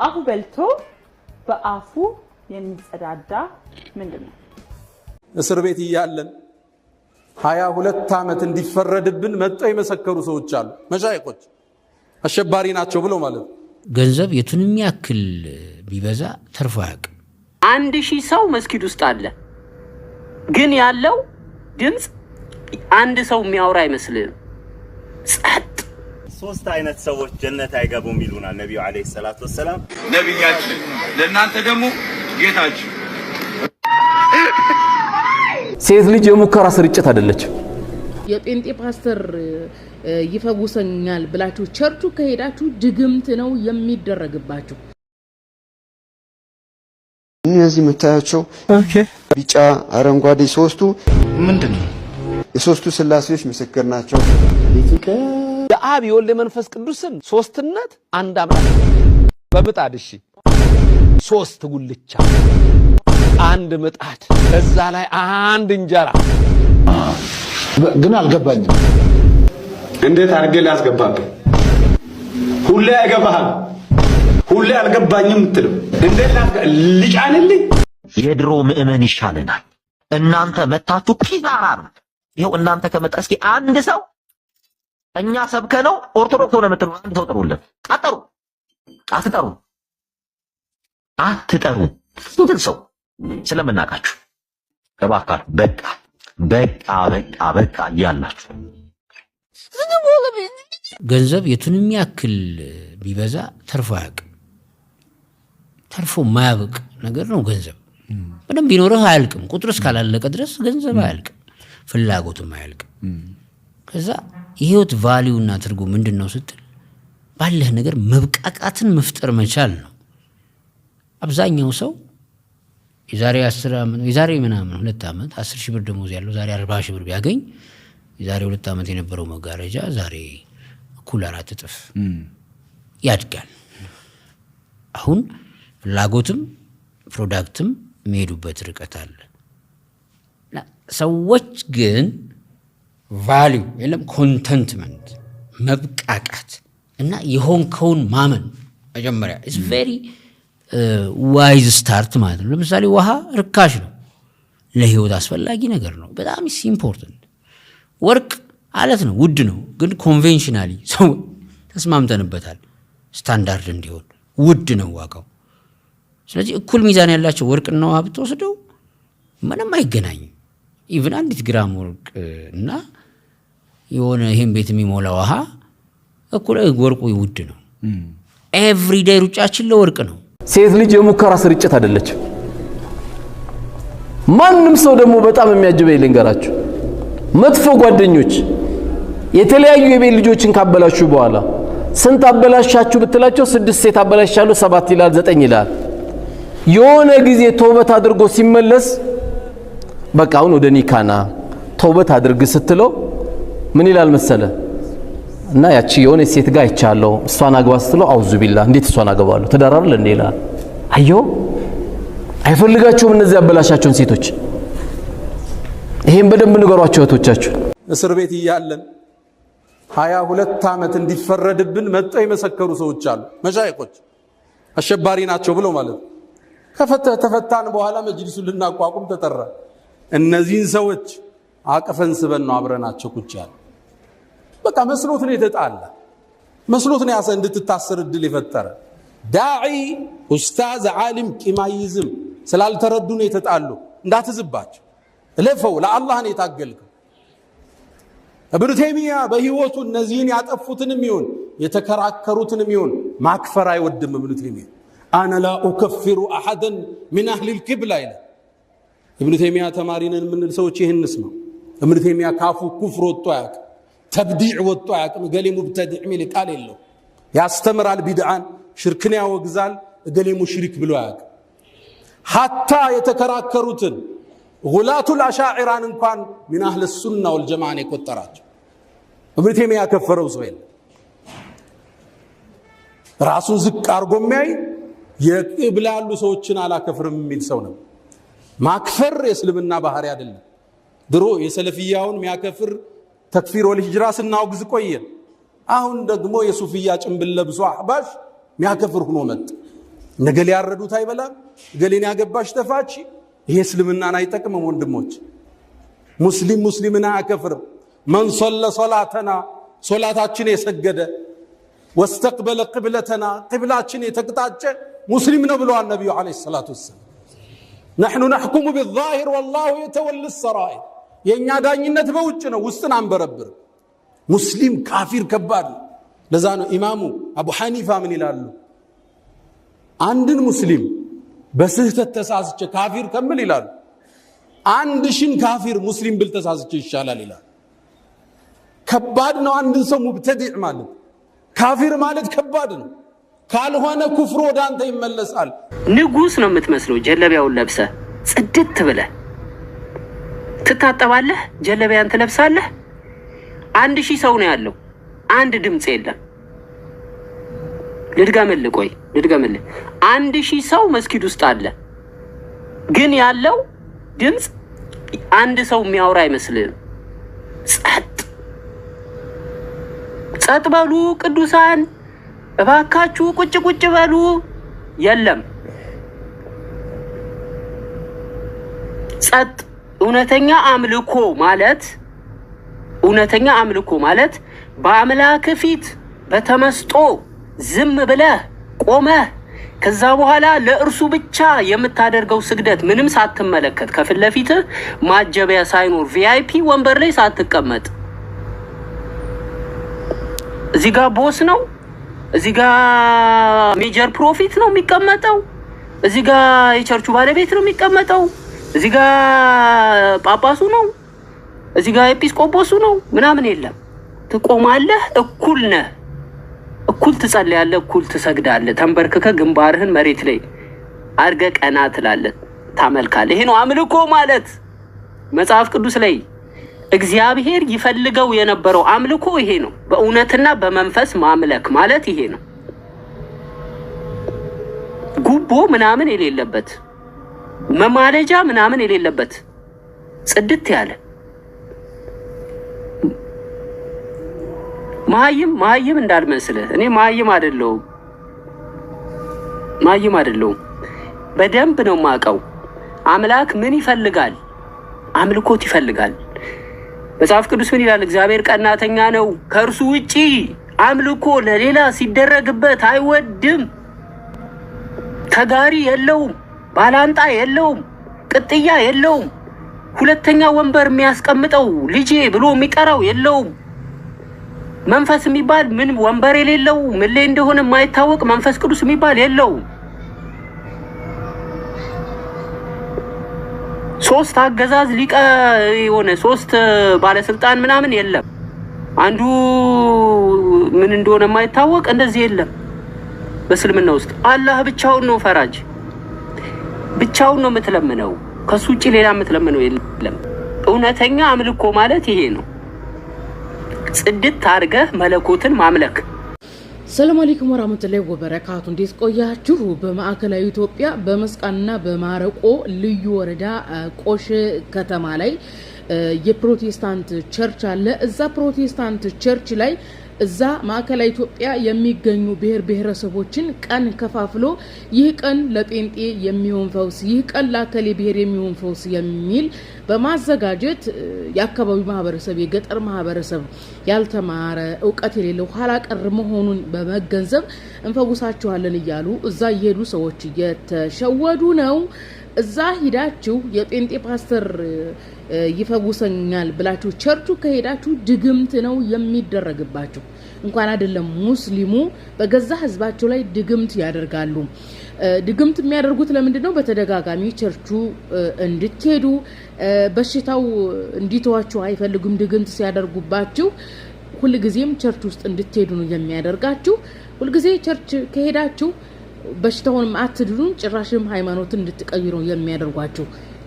በአፉ በልቶ በአፉ የሚጸዳዳ ምንድን ነው? እስር ቤት እያለን ሀያ ሁለት ዓመት እንዲፈረድብን መጥተው የመሰከሩ ሰዎች አሉ። መሻይቆች አሸባሪ ናቸው ብለው ማለት ነው። ገንዘብ የቱንም ያክል ቢበዛ ተርፎ አያውቅም። አንድ ሺህ ሰው መስጊድ ውስጥ አለ፣ ግን ያለው ድምፅ አንድ ሰው የሚያወራ አይመስልም። ጸጥ ሶስት አይነት ሰዎች ጀነት አይገቡም ይሉናል ነቢዩ አለይሂ ሰላቱ ወሰላም። ነቢያችን ለእናንተ ደግሞ ጌታችን። ሴት ልጅ የሙከራ ስርጭት አይደለችም። የጴንጤ ፓስተር ይፈውሰኛል ብላችሁ ቸርቹ ከሄዳችሁ ድግምት ነው የሚደረግባችሁ። እነዚህ የምታያቸው ቢጫ፣ አረንጓዴ ሶስቱ ምንድን ነው? የሶስቱ ስላሴዎች ምስክር ናቸው። የአብ የወልድ የመንፈስ ቅዱስን ሶስትነት አንድ አምላክ በምጣድ እሺ፣ ሶስት ጉልቻ፣ አንድ ምጣድ፣ እዛ ላይ አንድ እንጀራ። ግን አልገባኝም። እንዴት አድርጌ ላስገባብህ? ሁሌ አይገባህም፣ ሁሌ አልገባኝም እምትለው እንዴት ልጫንልኝ? የድሮ ምእመን ይሻለናል። እናንተ መታችሁ ኪሳራ ነው። ይኸው እናንተ ከመጣ እስኪ አንድ ሰው እኛ ሰብከ ነው ኦርቶዶክስ ሆነ የምትሉ አንድ ሰው ጥሩልን። አጠሩ አትጠሩ አትጠሩ ሰው ስለምናውቃችሁ እባካችሁ በቃ በቃ በቃ በቃ እያላችሁ ገንዘብ የቱንም ያክል ቢበዛ ተርፎ አያውቅም። ተርፎ ማያብቅ ነገር ነው ገንዘብ። በደንብ ቢኖርህ አያልቅም። ቁጥር እስካላለቀ ድረስ ገንዘብ አያልቅም፣ ፍላጎትም አያልቅም። ከዛ የህይወት ቫሊዩና ትርጉ ምንድን ነው ስትል ባለህ ነገር መብቃቃትን መፍጠር መቻል ነው። አብዛኛው ሰው የዛሬ አስር ዓመት የዛሬ ምናምን ሁለት ዓመት አስር ሺህ ብር ደሞዝ ያለው ዛሬ አርባ ሺህ ብር ቢያገኝ የዛሬ ሁለት ዓመት የነበረው መጋረጃ ዛሬ እኩል አራት እጥፍ ያድጋል። አሁን ፍላጎትም ፕሮዳክትም የሚሄዱበት ርቀት አለ። ሰዎች ግን ቫሊዩ የለም ኮንተንትመንት መብቃቃት እና የሆንከውን ማመን መጀመሪያ ኢስ ቬሪ ዋይዝ ስታርት ማለት ነው። ለምሳሌ ውሃ ርካሽ ነው፣ ለህይወት አስፈላጊ ነገር ነው። በጣም ኢስ ኢምፖርተንት። ወርቅ አለት ነው፣ ውድ ነው፣ ግን ኮንቬንሽናሊ ሰው ተስማምተንበታል ስታንዳርድ እንዲሆን ውድ ነው ዋጋው። ስለዚህ እኩል ሚዛን ያላቸው ወርቅና ውሃ ብትወስደው ምንም አይገናኝም። ኢቭን አንዲት ግራም ወርቅ እና የሆነ ይህን ቤት የሚሞላ ውሃ እኩል ወርቁ ውድ ነው። ኤቭሪዴይ ሩጫችን ለወርቅ ነው። ሴት ልጅ የሙከራ ስርጭት አይደለችም። ማንም ሰው ደግሞ በጣም የሚያጅበ ልንገራችሁ፣ መጥፎ ጓደኞች የተለያዩ የቤት ልጆችን ካበላሹ በኋላ ስንት አበላሻችሁ ብትላቸው ስድስት ሴት አበላሻለሁ ሰባት ይላል ዘጠኝ ይላል። የሆነ ጊዜ ተውበት አድርጎ ሲመለስ በቃ አሁን ወደ ኒካና ተውበት አድርግ ስትለው ምን ይላል መሰለ እና ያቺ የሆነ ሴት ጋር ይቻለው እሷን አግባ ስትለው አውዙ ቢላ እንዴት እሷን አገባለሁ ተዳራሩ እንዴ ይላል። አዮ አይፈልጋችሁም እነዚህ ያበላሻቸውን ሴቶች። ይሄን በደንብ ንገሯቸው እህቶቻችሁ። እስር ቤት እያለን ሀያ ሁለት ዓመት እንዲፈረድብን መጥተው የመሰከሩ ሰዎች አሉ። መሻይቆች አሸባሪ ናቸው ብለው ማለት ነው። ተፈታን በኋላ መጅሊሱን ልናቋቁም ተጠራ። እነዚህን ሰዎች አቅፈን ስበን ነው አብረናቸው ቁጭ ያለ በቃ መስሎት ነው የተጣላ መስሎት ነው ያሰ እንድትታሰር እድል የፈጠረ ዳዒ ኡስታዝ ዓሊም ቂማይዝም ስላልተረዱ ነው የተጣሉ። እንዳትዝባቸው እለፈው። ለአላህ ነው የታገልከው። እብን ተይሚያ በህይወቱ እነዚህን ያጠፉትንም ይሁን የተከራከሩትንም ይሁን ማክፈር አይወድም። እብን ተይሚያ አነ ላ ኡከፊሩ አሐደን ሚን አህሊል ቂብላ ይለ እብን ተይሚያ ተማሪነን የምንል ሰዎች ይህንስ ነው። እብን ተይሚያ ካፉ ኩፍር ወጥቶ አያውቅም። ተብዲዕ ወጥቶ አያውቅም። እገሌ ሙብተዲዕ የሚል ቃል የለው። ያስተምራል ቢድዓን፣ ሽርክን ያወግዛል። እገሌ ሙሽሪክ ብሎ አያውቅም። ሀታ የተከራከሩትን ጉላቱል አሻዒራን እንኳን ሚን አህል ሱና ወልጀማዓን የቆጠራቸው እብን ተይሚያ ያከፈረው ሰው የለም። ራሱን ዝቅ አርጎ የሚያይ የቅብላ ያሉ ሰዎችን አላከፍርም የሚል ሰው ነው። ማክፈር የእስልምና ባህሪ አይደለም። ድሮ የሰለፊያውን የሚያከፍር ተክፊር ወልሂጅራ ስናወግዝ ቆየን። አሁን ደግሞ የሱፍያ ጭንብል ለብሶ አህባሽ ሚያከፍር ሁኖ መጥ ነገሌ ያረዱት አይበላም፣ ገሌን ያገባሽ ተፋች። ይሄ እስልምናን አይጠቅምም። ወንድሞች ሙስሊም ሙስሊምን አያከፍርም። መን ሶለ ሶላተና ሶላታችን የሰገደ ወስተቅበለ ቅብለተና ቅብላችን የተቅጣጨ ሙስሊም ነው ብለዋል ነቢዩ ዓለይሂ ሰላቱ ወሰላም። ነሕኑ ነሕኩሙ ቢዛሂር ወላሁ የተወል ሰራኢር የእኛ ዳኝነት በውጭ ነው፣ ውስጥን አንበረብር። ሙስሊም ካፊር ከባድ ለዛ ነው ኢማሙ አቡ ሐኒፋ ምን ይላሉ? አንድን ሙስሊም በስህተት ተሳስቼ ካፊር ከምል ይላሉ፣ አንድ ሽን ካፊር ሙስሊም ብል ተሳስቼ ይሻላል ይላል። ከባድ ነው አንድን ሰው ሙብተዲዕ ማለት ካፊር ማለት ከባድ ነው። ካልሆነ ኩፍር ወደ አንተ ይመለሳል። ንጉስ ነው የምትመስለው ጀለቢያውን ለብሰ ጽድት ብለህ ትታጠባለህ፣ ጀለቢያን ትለብሳለህ። አንድ ሺህ ሰው ነው ያለው፣ አንድ ድምፅ የለም። ልድገምልህ፣ ቆይ ልድገምልህ። አንድ ሺህ ሰው መስጊድ ውስጥ አለ፣ ግን ያለው ድምፅ አንድ ሰው የሚያወራ አይመስልም። ጸጥ ጸጥ በሉ ቅዱሳን፣ እባካችሁ ቁጭ ቁጭ በሉ። የለም ጸጥ እውነተኛ አምልኮ ማለት እውነተኛ አምልኮ ማለት በአምላክ ፊት በተመስጦ ዝም ብለህ ቆመህ ከዛ በኋላ ለእርሱ ብቻ የምታደርገው ስግደት ምንም ሳትመለከት ከፊት ለፊትህ ማጀቢያ ሳይኖር ቪአይፒ ወንበር ላይ ሳትቀመጥ እዚህ ጋር ቦስ ነው፣ እዚህ ጋር ሜጀር ፕሮፊት ነው የሚቀመጠው፣ እዚህ ጋር የቸርቹ ባለቤት ነው የሚቀመጠው። እዚህ ጋር ጳጳሱ ነው፣ እዚህ ጋር ኤጲስቆጶሱ ነው ምናምን የለም። ትቆማለህ፣ እኩል ነህ፣ እኩል ትጸልያለህ፣ እኩል ትሰግዳለህ። ተንበርክከ ግንባርህን መሬት ላይ አድርገህ ቀና ትላለህ፣ ታመልካለህ። ይሄ ነው አምልኮ ማለት። መጽሐፍ ቅዱስ ላይ እግዚአብሔር ይፈልገው የነበረው አምልኮ ይሄ ነው። በእውነትና በመንፈስ ማምለክ ማለት ይሄ ነው። ጉቦ ምናምን የሌለበት መማለጃ ምናምን የሌለበት ጽድት ያለ መሀይም መሀይም እንዳልመስልህ። እኔ መሀይም አይደለሁም፣ መሀይም አይደለሁም። በደንብ ነው የማውቀው። አምላክ ምን ይፈልጋል? አምልኮት ይፈልጋል። መጽሐፍ ቅዱስ ምን ይላል? እግዚአብሔር ቀናተኛ ነው፣ ከእርሱ ውጪ አምልኮ ለሌላ ሲደረግበት አይወድም፣ ተጋሪ የለውም። ባላንጣ የለውም፣ ቅጥያ የለውም፣ ሁለተኛ ወንበር የሚያስቀምጠው ልጄ ብሎ የሚጠራው የለውም። መንፈስ የሚባል ምን ወንበር የሌለው ምን ላይ እንደሆነ የማይታወቅ መንፈስ ቅዱስ የሚባል የለውም። ሶስት አገዛዝ ሊቀ የሆነ ሶስት ባለስልጣን ምናምን የለም። አንዱ ምን እንደሆነ የማይታወቅ እንደዚህ የለም። በእስልምና ውስጥ አላህ ብቻውን ነው ፈራጅ። ብቻውን ነው የምትለምነው። ከሱ ውጭ ሌላ የምትለምነው የለም። እውነተኛ አምልኮ ማለት ይሄ ነው። ጽድት አድርገህ መለኮትን ማምለክ። ሰላም አለይኩም ወራህመቱላሂ ወበረካቱ። እንዴት ቆያችሁ? በማዕከላዊ ኢትዮጵያ በመስቃንና በማረቆ ልዩ ወረዳ ቆሽ ከተማ ላይ የፕሮቴስታንት ቸርች አለ። እዛ ፕሮቴስታንት ቸርች ላይ እዛ ማዕከላዊ ኢትዮጵያ የሚገኙ ብሔር ብሔረሰቦችን ቀን ከፋፍሎ ይህ ቀን ለጴንጤ የሚሆን ፈውስ፣ ይህ ቀን ለአከሌ ብሔር የሚሆን ፈውስ የሚል በማዘጋጀት የአካባቢው ማህበረሰብ፣ የገጠር ማህበረሰብ ያልተማረ እውቀት የሌለው ኋላ ቀር መሆኑን በመገንዘብ እንፈውሳችኋለን እያሉ እዛ እየሄዱ ሰዎች እየተሸወዱ ነው። እዛ ሂዳችሁ የጴንጤ ፓስተር ይፈውሰኛል ብላችሁ ቸርቹ ከሄዳችሁ ድግምት ነው የሚደረግባችሁ። እንኳን አይደለም ሙስሊሙ በገዛ ህዝባቸው ላይ ድግምት ያደርጋሉ። ድግምት የሚያደርጉት ለምንድን ነው? በተደጋጋሚ ቸርቹ እንድትሄዱ በሽታው እንዲተዋችሁ አይፈልጉም። ድግምት ሲያደርጉባችሁ ሁልጊዜም ቸርች ውስጥ እንድትሄዱ ነው የሚያደርጋችሁ። ሁልጊዜ ቸርች ከሄዳችሁ በሽታውንም አትድኑ፣ ጭራሽም ሃይማኖትን እንድትቀይሩ ነው የሚያደርጓችሁ።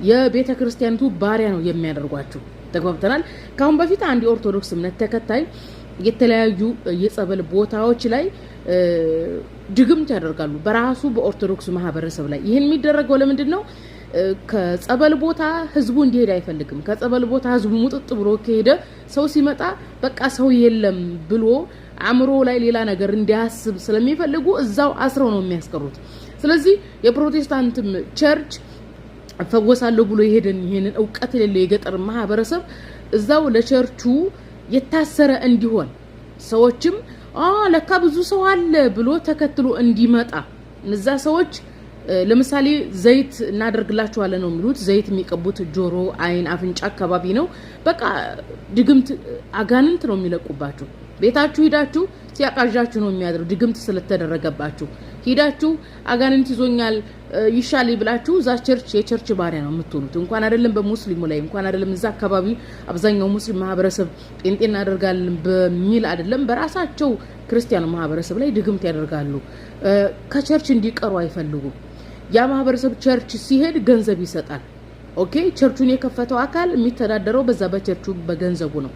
የቤተ ክርስቲያኒቱ ባሪያ ነው የሚያደርጓቸው። ተግባብተናል። ከአሁን በፊት አንድ የኦርቶዶክስ እምነት ተከታይ የተለያዩ የጸበል ቦታዎች ላይ ድግምት ያደርጋሉ፣ በራሱ በኦርቶዶክስ ማህበረሰብ ላይ። ይህን የሚደረገው ለምንድን ነው? ከጸበል ቦታ ህዝቡ እንዲሄድ አይፈልግም። ከጸበል ቦታ ህዝቡ ሙጥጥ ብሎ ከሄደ ሰው ሲመጣ በቃ ሰው የለም ብሎ አእምሮ ላይ ሌላ ነገር እንዲያስብ ስለሚፈልጉ እዛው አስረው ነው የሚያስቀሩት። ስለዚህ የፕሮቴስታንትም ቸርች ፈወሳለሁ ብሎ የሄደን ይሄንን እውቀት የሌለው የገጠር ማህበረሰብ እዛው ለቸርቹ የታሰረ እንዲሆን ሰዎችም ለካ ብዙ ሰው አለ ብሎ ተከትሎ እንዲመጣ እነዛ ሰዎች ለምሳሌ ዘይት እናደርግላችኋለን ነው የሚሉት። ዘይት የሚቀቡት ጆሮ፣ አይን፣ አፍንጫ አካባቢ ነው። በቃ ድግምት፣ አጋንንት ነው የሚለቁባችሁ። ቤታችሁ ሂዳችሁ ሲያቃዣችሁ ነው የሚያድረው ድግምት ስለተደረገባችሁ። ሂዳችሁ አጋንንት ይዞኛል ይሻል ብላችሁ እዛ ቸርች የቸርች ባሪያ ነው የምትሆኑት። እንኳን አይደለም በሙስሊሙ ላይ እንኳን አይደለም እዛ አካባቢ አብዛኛው ሙስሊም ማህበረሰብ ጴንጤ እናደርጋለን በሚል አይደለም በራሳቸው ክርስቲያኑ ማህበረሰብ ላይ ድግምት ያደርጋሉ። ከቸርች እንዲቀሩ አይፈልጉም። ያ ማህበረሰብ ቸርች ሲሄድ ገንዘብ ይሰጣል። ኦኬ፣ ቸርቹን የከፈተው አካል የሚተዳደረው በዛ በቸርቹ በገንዘቡ ነው።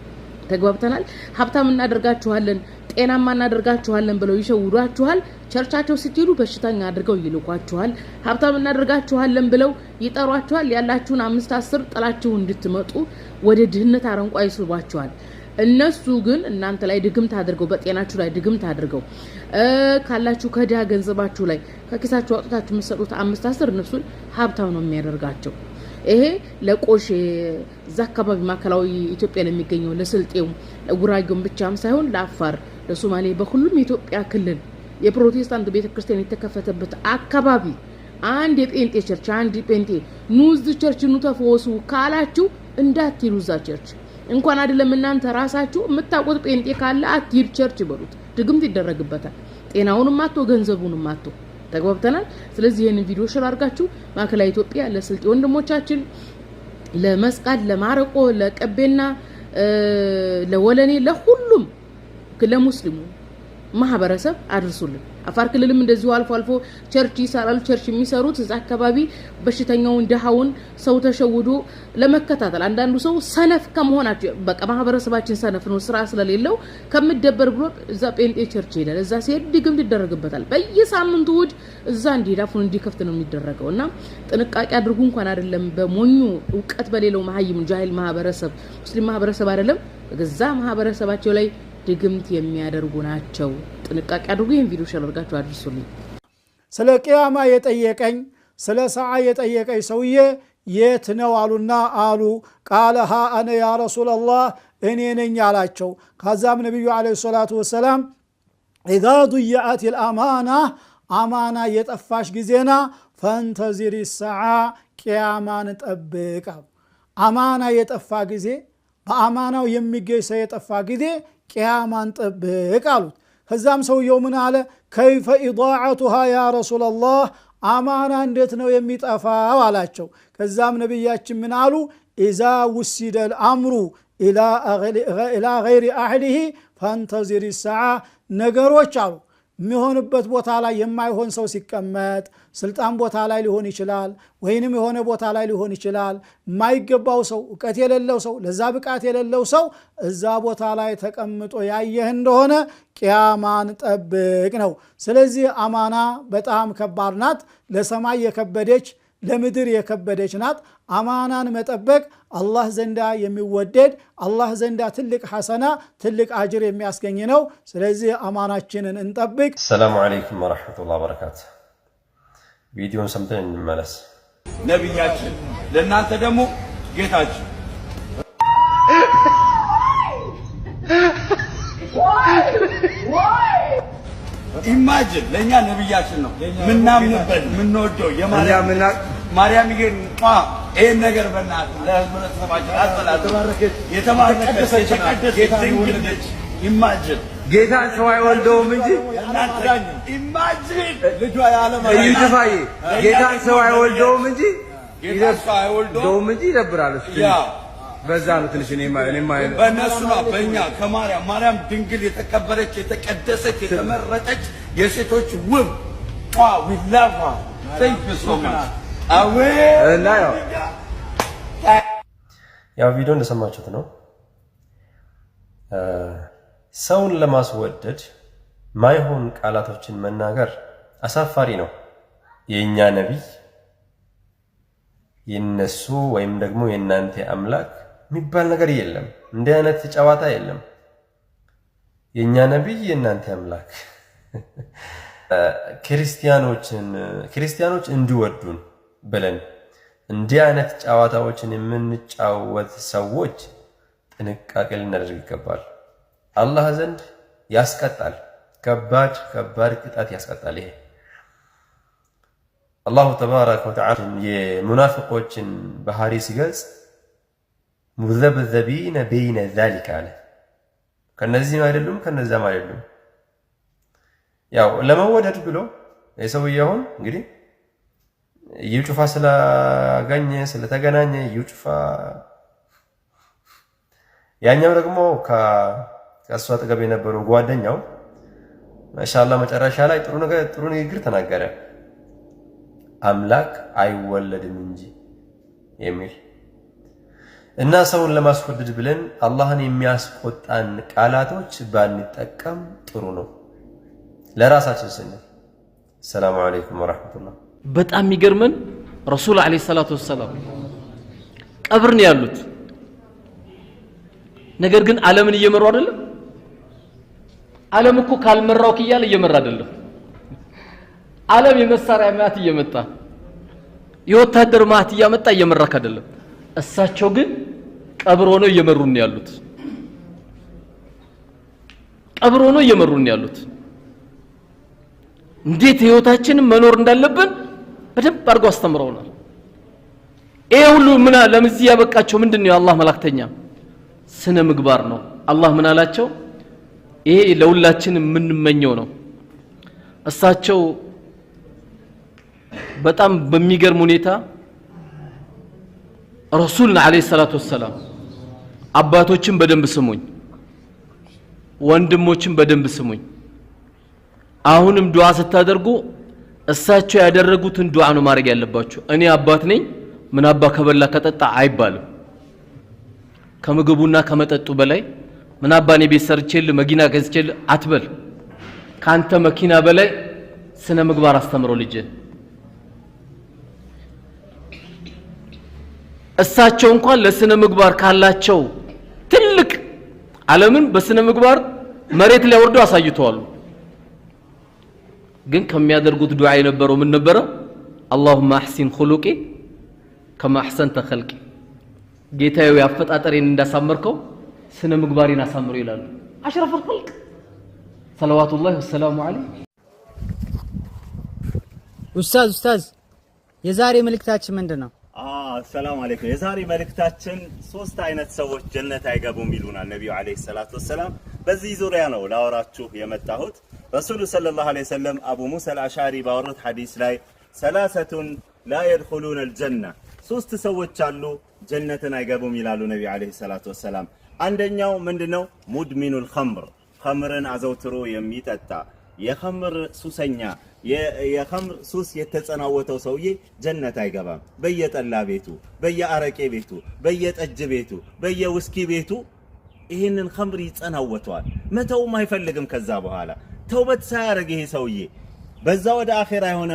ተግባብተናል። ሀብታም እናደርጋችኋለን ጤናማ እናደርጋችኋለን ብለው ይሸውዷችኋል። ቸርቻቸው ስትሄዱ በሽተኛ አድርገው ይልኳችኋል። ሀብታም እናደርጋችኋለን ብለው ይጠሯችኋል። ያላችሁን አምስት አስር ጥላችሁ እንድትመጡ ወደ ድህነት አረንቋ ይስቧችኋል። እነሱ ግን እናንተ ላይ ድግምት አድርገው በጤናችሁ ላይ ድግምት አድርገው ካላችሁ ከዲያ ገንዘባችሁ ላይ ከኪሳችሁ አውጥታችሁ የምትሰጡት አምስት አስር ነፍሱን ሀብታም ነው የሚያደርጋቸው። ይሄ ለቆሼ እዛ አካባቢ ማዕከላዊ ኢትዮጵያ ለሚገኘው ለስልጤው፣ ለጉራጌውም ብቻም ሳይሆን ለአፋር በሶማሌ በሁሉም የኢትዮጵያ ክልል የፕሮቴስታንት ቤተ ክርስቲያን የተከፈተበት አካባቢ አንድ የጴንጤ ቸርች አንድ ጴንጤ ኑዝ ቸርች ኑ ተፈወሱ ካላችሁ እንዳትሄዱ እዛ ቸርች እንኳን አይደለም እናንተ ራሳችሁ የምታውቁት ጴንጤ ካለ አትሂድ ቸርች በሉት። ድግምት ይደረግበታል። ጤናውንም አቶ ገንዘቡንም አቶ ተግባብተናል። ስለዚህ ይህን ቪዲዮ ሽር አድርጋችሁ ማዕከላዊ ኢትዮጵያ ለስልጤ ወንድሞቻችን ለመስቃድ፣ ለማረቆ፣ ለቀቤና፣ ለወለኔ ለሁሉም ለሙስሊሙ ማህበረሰብ አድርሱልን። አፋር ክልልም እንደዚሁ አልፎ አልፎ ቸርች ይሰራሉ። ቸርች የሚሰሩት እዛ አካባቢ በሽተኛውን ድሃውን ሰው ተሸውዶ ለመከታተል አንዳንዱ ሰው ሰነፍ ከመሆናቸው በቃ ማህበረሰባችን ሰነፍ ነው፣ ስራ ስለሌለው ከምደበር ብሎ እዛ ጴንጤ ቸርች ይሄዳል። እዛ ሲሄድ ድግም ይደረግበታል። በየሳምንቱ እሑድ እዛ እንዲሄድ አፉን እንዲከፍት ነው የሚደረገው። እና ጥንቃቄ አድርጉ። እንኳን አይደለም በሞኙ እውቀት በሌለው መሀይም ጃሂል ማህበረሰብ ሙስሊም ማህበረሰብ አይደለም በገዛ ማህበረሰባቸው ላይ ድግምት የሚያደርጉ ናቸው። ጥንቃቄ አድርጉ። ይህን ቪዲዮ ሼር አድርጋችሁ አድርሱልኝ። ስለ ቅያማ የጠየቀኝ ስለ ሰዓ የጠየቀኝ ሰውዬ የት ነው አሉና አሉ ቃለ ሃ አነ ያ ረሱላላህ እኔ ነኝ አላቸው። ከዛም ነቢዩ ዓለይሂ ሰላቱ ወሰላም ኢዛ ዱያአት ልአማና አማና የጠፋሽ ጊዜና ፈንተዚሪ ሰዓ ቅያማን ጠብቅ አማና የጠፋ ጊዜ በአማናው የሚገኝ ሰው የጠፋ ጊዜ ቅያማን ጠብቅ አሉት። ከዛም ሰውየው ምን አለ? ከይፈ ኢዳዓቱሃ ያ ረሱላላህ አማና እንዴት ነው የሚጠፋው አላቸው። ከዛም ነቢያችን ምን አሉ? ኢዛ ውሲደል አምሩ ኢላ ገይሪ አህሊሂ ፈንተዚሪ ሰዓ ነገሮች አሉ የሚሆንበት ቦታ ላይ የማይሆን ሰው ሲቀመጥ ስልጣን ቦታ ላይ ሊሆን ይችላል፣ ወይንም የሆነ ቦታ ላይ ሊሆን ይችላል። የማይገባው ሰው፣ እውቀት የሌለው ሰው፣ ለዛ ብቃት የሌለው ሰው እዛ ቦታ ላይ ተቀምጦ ያየህ እንደሆነ ቅያማን ጠብቅ ነው። ስለዚህ አማና በጣም ከባድ ናት። ለሰማይ የከበደች ለምድር የከበደች ናት። አማናን መጠበቅ አላህ ዘንዳ የሚወደድ አላህ ዘንዳ ትልቅ ሐሰና ትልቅ አጅር የሚያስገኝ ነው። ስለዚህ አማናችንን እንጠብቅ። አሰላሙ አለይኩም ወረሕመቱላህ ወበረካቱ። ቪዲዮን ሰምተን እንመለስ። ነቢያችን ለእናንተ ደግሞ ጌታችን ኢማጅን ለእኛ ነብያችን ነው ምናምንበት ምንወደው የማርያም ማርያም ይገን ይህን ነገር በናት ለህብረተሰባችን የተባረከች የተቀደሰች ኢማጅን ጌታን ሰው አይወልደውም እንጂ ኢማጅን ልጇ ያለማይይፋይ በዛ ነው ትንሽ እኔ በእነሱ ነው በእኛ ከማርያም ማርያም ድንግል የተከበረች የተቀደሰች የተመረጠች የሴቶች ውብ ዊላፋ እና ያው ቪዲዮ እንደሰማችሁት ነው። ሰውን ለማስወደድ ማይሆን ቃላቶችን መናገር አሳፋሪ ነው። የእኛ ነቢይ የነሱ ወይም ደግሞ የእናንተ አምላክ የሚባል ነገር የለም። እንዲህ አይነት ጨዋታ የለም። የእኛ ነቢይ የእናንተ አምላክ ክርስቲያኖችን ክርስቲያኖች እንዲወዱን ብለን እንዲህ አይነት ጨዋታዎችን የምንጫወት ሰዎች ጥንቃቄ ልናደርግ ይገባል። አላህ ዘንድ ያስቀጣል። ከባድ ከባድ ቅጣት ያስቀጣል። ይሄ አላሁ ተባረከ ወተዓላ የሙናፍቆችን ባህሪ ሲገልጽ ሙዘብዘቢነ በይነ ዛሊክ አለ። ከነዚህም አይደሉም ከነዛም አይደሉም። ያው ለመወደድ ብሎ የሰውየውን እንግዲህ ዩጩፋ ስላገኘ ስለተገናኘ ዩጩፋ፣ ያኛው ደግሞ ከእሱ አጠገብ የነበረው ጓደኛው ማሻላ መጨረሻ ላይ ጥሩ ነገር ጥሩ ንግግር ተናገረ። አምላክ አይወለድም እንጂ የሚል እና ሰውን ለማስወደድ ብለን አላህን የሚያስቆጣን ቃላቶች ባንጠቀም ጥሩ ነው፣ ለራሳችን ስንል። ሰላሙ አለይኩም ወራህመቱላህ። በጣም የሚገርመን ረሱል አለይሂ ሰላቱ ወሰላም ቀብር ነው ያሉት፣ ነገር ግን ዓለምን እየመሩ አይደለም። ዓለም እኮ ካልመራው እያለ እየመራ አይደለም። ዓለም የመሳሪያ ማት እየመጣ የወታደር ማት እያመጣ እየመራክ አይደለም። እሳቸው ግን ቀብር ሆነው እየመሩን ያሉት ቀብር ሆነው እየመሩን ያሉት። እንዴት ህይወታችን መኖር እንዳለብን በደንብ አድርገው አስተምረውናል። ይሄ ሁሉ ምን ለምዚህ ያበቃቸው ምንድን ነው? የአላህ መላእክተኛ ስነ ምግባር ነው። አላህ ምን አላቸው? ይሄ ለሁላችን የምንመኘው ነው። እሳቸው በጣም በሚገርም ሁኔታ ረሱልን አለይሂ ሰላት ወሰላም አባቶችን በደንብ ስሙኝ፣ ወንድሞችን በደንብ ስሙኝ። አሁንም ዱዓ ስታደርጉ እሳቸው ያደረጉትን ዱዓ ነው ማድረግ ያለባችሁ። እኔ አባት ነኝ ምን አባ ከበላ ከጠጣ አይባልም። ከምግቡና ከመጠጡ በላይ ምን አባ እኔ ቤት ሰርቼል መኪና ገዝቼል አትበል። ከአንተ መኪና በላይ ስነ ምግባር አስተምሮ ልጅ እሳቸው እንኳን ለስነ ምግባር ካላቸው ትልቅ ዓለምን በስነ ምግባር መሬት ላይ ወርደው አሳይተዋሉ። ግን ከሚያደርጉት ዱዓ የነበረው ምን ነበረ? አላሁማ አሕሲን ኹሉቂ ከማ አሕሰንተ ኸልቂ፣ ጌታዬ አፈጣጠሬን እንዳሳመርከው ስነ ምግባሬን አሳምሩ ይላሉ። አሽረፈል ኸልቅ ሰለዋቱላሂ ወሰላሙ ዐለይህ። ኡስታዝ ኡስታዝ፣ የዛሬ መልእክታችን ምንድን ነው? ሰላም አለይኩም። የዛሬ መልእክታችን ሶስት አይነት ሰዎች ጀነት አይገቡም ይሉናል ነቢዩ አለይሂ ሰላቱ ወሰላም። በዚህ ዙሪያ ነው ላወራችሁ የመጣሁት። ረሱሉ ሰለላሁ ዐለይሂ ወሰለም አቡ ሙሳ አልአሻሪ ባወሩት ሐዲስ ላይ ሰላሰቱን ላ የድኹሉነ አልጀና፣ ሶስት ሰዎች አሉ ጀነትን አይገቡም ይላሉ ነቢዩ አለይሂ ሰላቱ ወሰላም። አንደኛው ምንድነው? ሙድሚኑል ኸምር፣ ኸምርን አዘውትሮ የሚጠጣ የኸምር ሱሰኛ የኸምር ሱስ የተጸናወተው ሰውዬ ጀነት አይገባም። በየጠላ ቤቱ፣ በየአረቄ ቤቱ፣ በየጠጅ ቤቱ፣ በየውስኪ ቤቱ ይህንን ኸምር ይጸናወተዋል። መተውም አይፈልግም። ከዛ በኋላ ተውበት ሳያደርግ ይሄ ሰውዬ በዛ ወደ አኼራ የሆነ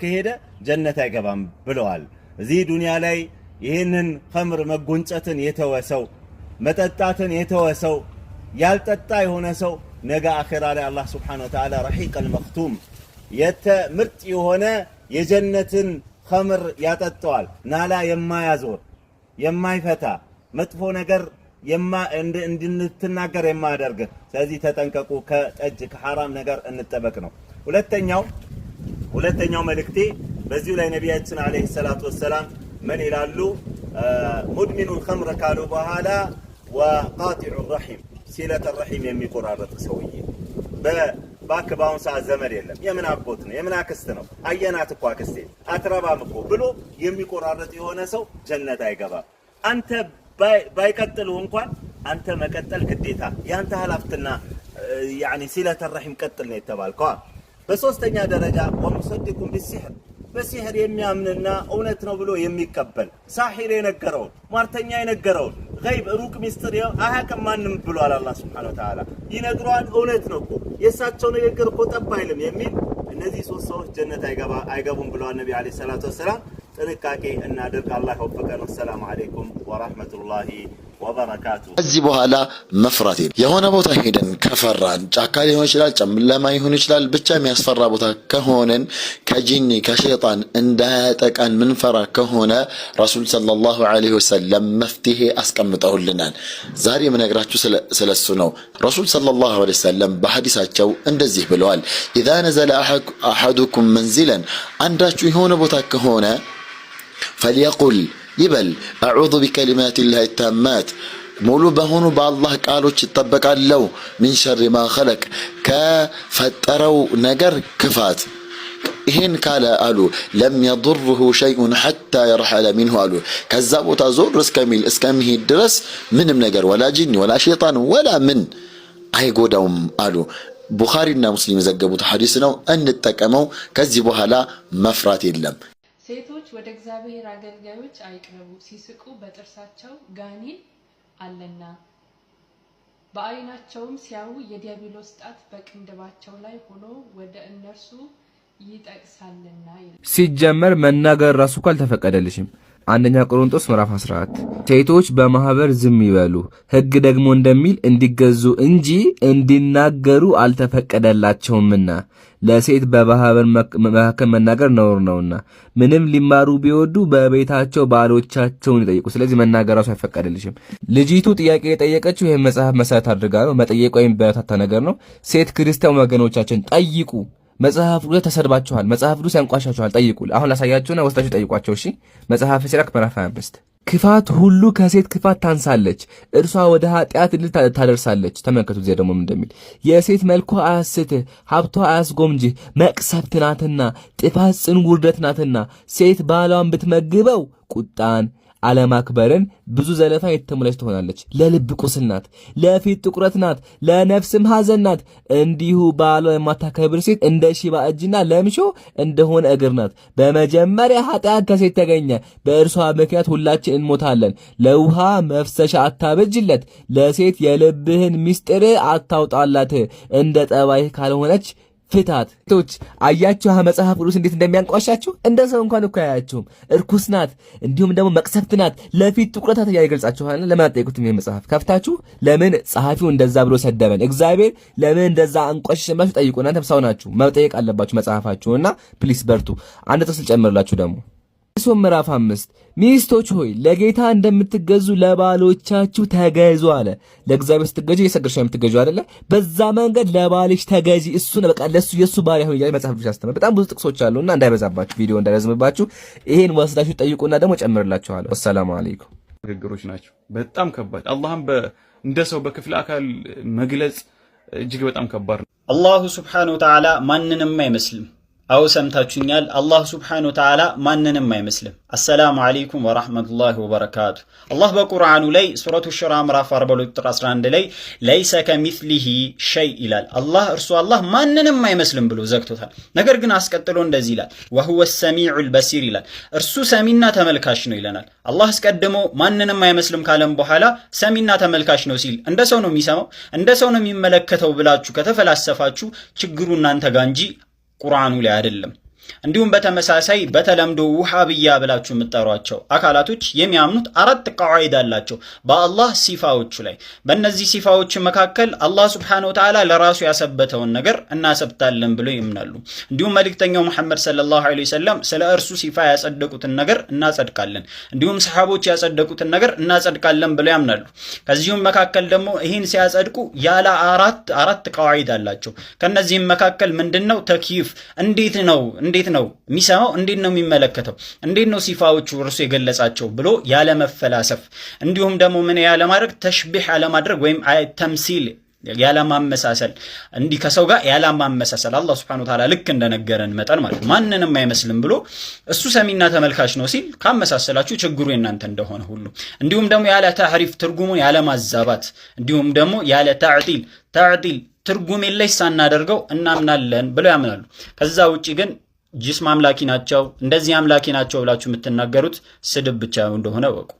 ከሄደ ጀነት አይገባም ብለዋል። እዚህ ዱንያ ላይ ይህንን ኸምር መጎንጨትን የተወሰው መጠጣትን የተወሰው ያልጠጣ የሆነ ሰው ነገ አኼራ ላይ አላህ ስብሓነሁ ወተዓላ ረሒቀል መኽቱም የተ ምርጥ የሆነ የጀነትን ኸምር ያጠጠዋል። ናላ የማያዞር የማይፈታ መጥፎ ነገር እንድትናገር የማያደርግ። ስለዚህ ተጠንቀቁ፣ ከጠጅ ከሐራም ነገር እንጠበቅ ነው። ሁለተኛው ሁለተኛው መልእክቴ በዚሁ ላይ ነቢያችን አለይሂ ሰላቱ ወሰላም ምን ይላሉ? ሙድሚኑል ኸምር ካሉ በኋላ ወቃጢዑ ረሒም ሲለተ ረሒም የሚቆራረጥ ሰውዬ በአሁኑ ሰዓት ዘመድ የለም። የምን አጎት ነው? የምን አክስት ነው? አየናት እኮ አክስቴ አትረባም እኮ ብሎ የሚቆራረጥ የሆነ ሰው ጀነት አይገባም። አንተ ባይቀጥሉ እንኳን አንተ መቀጠል ግዴታ የአንተ ሀላፍትና ያኒ ሲለተረሂም ቀጥል ነው የተባልከዋ። በሶስተኛ ደረጃ ወሙሰድኩም ቢሲሕር በሲህር የሚያምንና እውነት ነው ብሎ የሚቀበል ሳሒር የነገረውን ሟርተኛ የነገረውን ገይብ ሩቅ ሚስጥር አያውቅም ማንም ብሏል። አላህ ሱብሓነሁ ወተዓላ ይነግሯል። እውነት ነው እኮ የእሳቸው ንግግር እኮ ጠብ አይልም የሚል እነዚህ ሶስት ሰዎች ጀነት አይገቡም ብለዋል ነቢ ዓለይሂ ሰላቱ ወሰላም። ጥንቃቄ እናድርግ። አላህ ይወፍቀን። ወሰላሙ ዓለይኩም ወራህመቱላሂ ከዚህ በኋላ መፍራት የሆነ ቦታ ሄደን ከፈራን ጫካ ሊሆን ይችላል፣ ጨለማ ሊሆን ይችላል። ብቻ የሚያስፈራ ቦታ ከሆነን ከጂኒ ከሸይጣን እንዳያጠቃን ምንፈራ ከሆነ ረሱል ሰለላሁ ዐለይሂ ወሰለም መፍትሄ አስቀምጠውልናል። ዛሬ የምነግራችሁ ስለሱ ነው። ረሱል ሰለላሁ ዐለይሂ ወሰለም በሐዲሳቸው እንደዚህ ብለዋል፣ ኢዛ ነዘለ አሐዱኩም መንዚለን አንዳችሁ የሆነ ቦታ ከሆነ ፈልየቁል ይበል። አዑዙ ቢከሊማት ላህ ታማት ሙሉ በሆኑ በአላህ ቃሎች ይጠበቃለው። ሚን ሸሪ ማ ኸለቅ ከፈጠረው ነገር ክፋት ይህን ካለ አሉ ለም የضርሁ ሸይኡን ሐታ የርሐለ ሚንሁ አሉ። ከዛ ቦታ ዞር እስከሚል እስከሚሄድ ድረስ ምንም ነገር ወላ ጂኒ ወላ ሸይጣን ወላ ምን አይጎዳውም አሉ። ቡኻሪና ሙስሊም የዘገቡት ሐዲስ ነው። እንጠቀመው። ከዚህ በኋላ መፍራት የለም። ሴቶች ወደ እግዚአብሔር አገልጋዮች አይቅረቡ፣ ሲስቁ በጥርሳቸው ጋኔን አለና በዓይናቸውም ሲያዩ የዲያብሎስ ጣት በቅንድባቸው ላይ ሆኖ ወደ እነርሱ ይጠቅሳልና። ሲጀመር መናገር ራሱ ካልተፈቀደልሽም አንደኛ ቆሮንቶስ ምዕራፍ 14 ሴቶች በማህበር ዝም ይበሉ፣ ሕግ ደግሞ እንደሚል እንዲገዙ እንጂ እንዲናገሩ አልተፈቀደላቸውምና ለሴት በማህበር መካከል መናገር ነውር ነውና፣ ምንም ሊማሩ ቢወዱ በቤታቸው ባሎቻቸውን ይጠይቁ። ስለዚህ መናገር ራሱ አይፈቀደልሽም። ልጅቱ ጥያቄ የጠየቀችው ይህን መጽሐፍ መሰረት አድርጋ ነው። መጠየቅ ወይም በታታ ነገር ነው። ሴት ክርስቲያን ወገኖቻችን ጠይቁ መጽሐፍ ቅዱስ ተሰድባችኋል፣ መጽሐፍ ቅዱስ ያንቋሻችኋል፣ ጠይቁ። አሁን ላሳያችሁና ወስዳችሁ ጠይቋቸው። እሺ መጽሐፍ ሲራክ ምዕራፍ 25 ክፋት ሁሉ ከሴት ክፋት ታንሳለች፣ እርሷ ወደ ኃጢአት እልል ታደርሳለች። ተመልከቱ እዚያ ደግሞ እንደሚል የሴት መልኮ አያስትህ፣ ሀብቷ አያስጎምጅህ፣ መቅሰፍት ናትና፣ ጥፋት ጽኑ ውርደት ናትና፣ ሴት ባሏን ብትመግበው ቁጣን አለማክበርን ብዙ ዘለፋ የተሞላች ትሆናለች። ለልብ ቁስል ናት፣ ለፊት ጥቁረት ናት፣ ለነፍስም ሐዘን ናት። እንዲሁ ባሏ የማታከብር ሴት እንደ ሽባ እጅና ለምሾ እንደሆነ እግር ናት። በመጀመሪያ ኃጢአት ከሴት ተገኘ፣ በእርሷ ምክንያት ሁላችን እንሞታለን። ለውሃ መፍሰሻ አታበጅለት፣ ለሴት የልብህን ምስጢር አታውጣላት። እንደ ጠባይ ካልሆነች ጌታት ቶች አያችሁ መጽሐፍ ቅዱስ እንዴት እንደሚያንቋሻችሁ እንደ ሰው እንኳን እኮ አያችሁም። እርኩስ ናት፣ እንዲሁም ደግሞ መቅሰፍት ናት፣ ለፊት ትኩረታት እያለ ይገልጻችኋል። ለምን አጠይቁትም? ይህ መጽሐፍ ከፍታችሁ ለምን ጸሐፊው እንደዛ ብሎ ሰደበን፣ እግዚአብሔር ለምን እንደዛ አንቋሸሸን ብላችሁ ጠይቁ። እናንተም ሰው ናችሁ፣ መጠየቅ አለባችሁ መጽሐፋችሁ እና ፕሊስ በርቱ። አንድ ጥቅስ ልጨምርላችሁ ደግሞ ኤፌሶን ምዕራፍ አምስት ሚስቶች ሆይ ለጌታ እንደምትገዙ ለባሎቻችሁ ተገዙ አለ። ለእግዚአብሔር ስትገዙ እየሰገድሽ ነው የምትገዙ አይደለ? በዛ መንገድ ለባልሽ ተገዚ፣ እሱ ነው በቃ ለሱ የሱ ባሪያ ሆይ እያለ መጽሐፍ ቅዱስ አስተምር። በጣም ብዙ ጥቅሶች አሉና እንዳይበዛባችሁ፣ ቪዲዮ እንዳይረዝምባችሁ ይሄን ወስዳችሁ ጠይቁና ደግሞ ጨምርላችኋለሁ። ወሰላሙ አለይኩም። ንግግሮች ናቸው በጣም ከባድ። አላህም እንደ ሰው በክፍለ አካል መግለጽ እጅግ በጣም ከባድ ነው። አላሁ ስብሐነሁ ወተዓላ ማንንም አይመስልም። አው ሰምታችሁኛል። አላህ ስብሓነ ወተዓላ ማንንም አይመስልም። አሰላሙ ዓለይኩም ወራህመቱላሂ ወበረካቱ። አላህ በቁርአኑ ላይ ሱረቱ ሽራ ምዕራፍ 42 ቁጥር 11 ላይ ለይሰ ከሚስሊሂ ሸይ ይላል። አላህ እርሱ አላህ ማንንም አይመስልም ብሎ ዘግቶታል። ነገር ግን አስቀጥሎ እንደዚህ ይላል፣ ወሁወ ሰሚዑል በሲር ይላል። እርሱ ሰሚና ተመልካች ነው ይለናል። አላህ አስቀድሞ ማንንም አይመስልም ካለም በኋላ ሰሚና ተመልካች ነው ሲል እንደ ሰው ነው የሚሰማው እንደ ሰው ነው የሚመለከተው ብላችሁ ከተፈላሰፋችሁ ችግሩ እናንተ ጋር እንጂ ቁርአኑ ላይ አይደለም እንዲሁም በተመሳሳይ በተለምዶ ውሃብያ ብላችሁ የምጠሯቸው አካላቶች የሚያምኑት አራት ቀዋይድ አላቸው በአላህ ሲፋዎቹ ላይ። በእነዚህ ሲፋዎች መካከል አላህ ስብሐነ ወተዓላ ለራሱ ያሰበተውን ነገር እናሰብታለን ብሎ ይምናሉ። እንዲሁም መልእክተኛው መሐመድ ሰለላሁ ዐለይሂ ወሰለም ስለ እርሱ ሲፋ ያጸደቁትን ነገር እናጸድቃለን፣ እንዲሁም ሰሐቦች ያጸደቁትን ነገር እናጸድቃለን ብሎ ያምናሉ። ከዚሁም መካከል ደግሞ ይህን ሲያጸድቁ ያለ አራት አራት ቀዋይድ አላቸው። ከነዚህም መካከል ምንድን ነው ተክይፍ እንዴት ነው እንዴት ነው የሚሰማው? እንዴት ነው የሚመለከተው? እንዴት ነው ሲፋዎቹ እርሱ የገለጻቸው ብሎ ያለመፈላሰፍ እንዲሁም ደግሞ ምን ያለማድረግ ተሽቢህ ያለማድረግ ወይም ተምሲል ያለማመሳሰል እንዲህ ከሰው ጋር ያለማመሳሰል አላህ ሱብሓነሁ ወተዓላ ልክ እንደነገረን መጠን ማለት ማንንም አይመስልም ብሎ እሱ ሰሚና ተመልካች ነው ሲል ካመሳሰላችሁ ችግሩ የናንተ እንደሆነ ሁሉ እንዲሁም ደግሞ ያለ ታሕሪፍ ትርጉሙን ያለማዛባት እንዲሁም ደግሞ ያለ ታዕጢል ታዕጢል ትርጉሜ ላይ ሳናደርገው እናምናለን ብለው ያምናሉ። ከዛ ውጭ ግን ጅስም አምላኪ ናቸው እንደዚህ አምላኪ ናቸው ብላችሁ የምትናገሩት ስድብ ብቻ እንደሆነ እወቁ።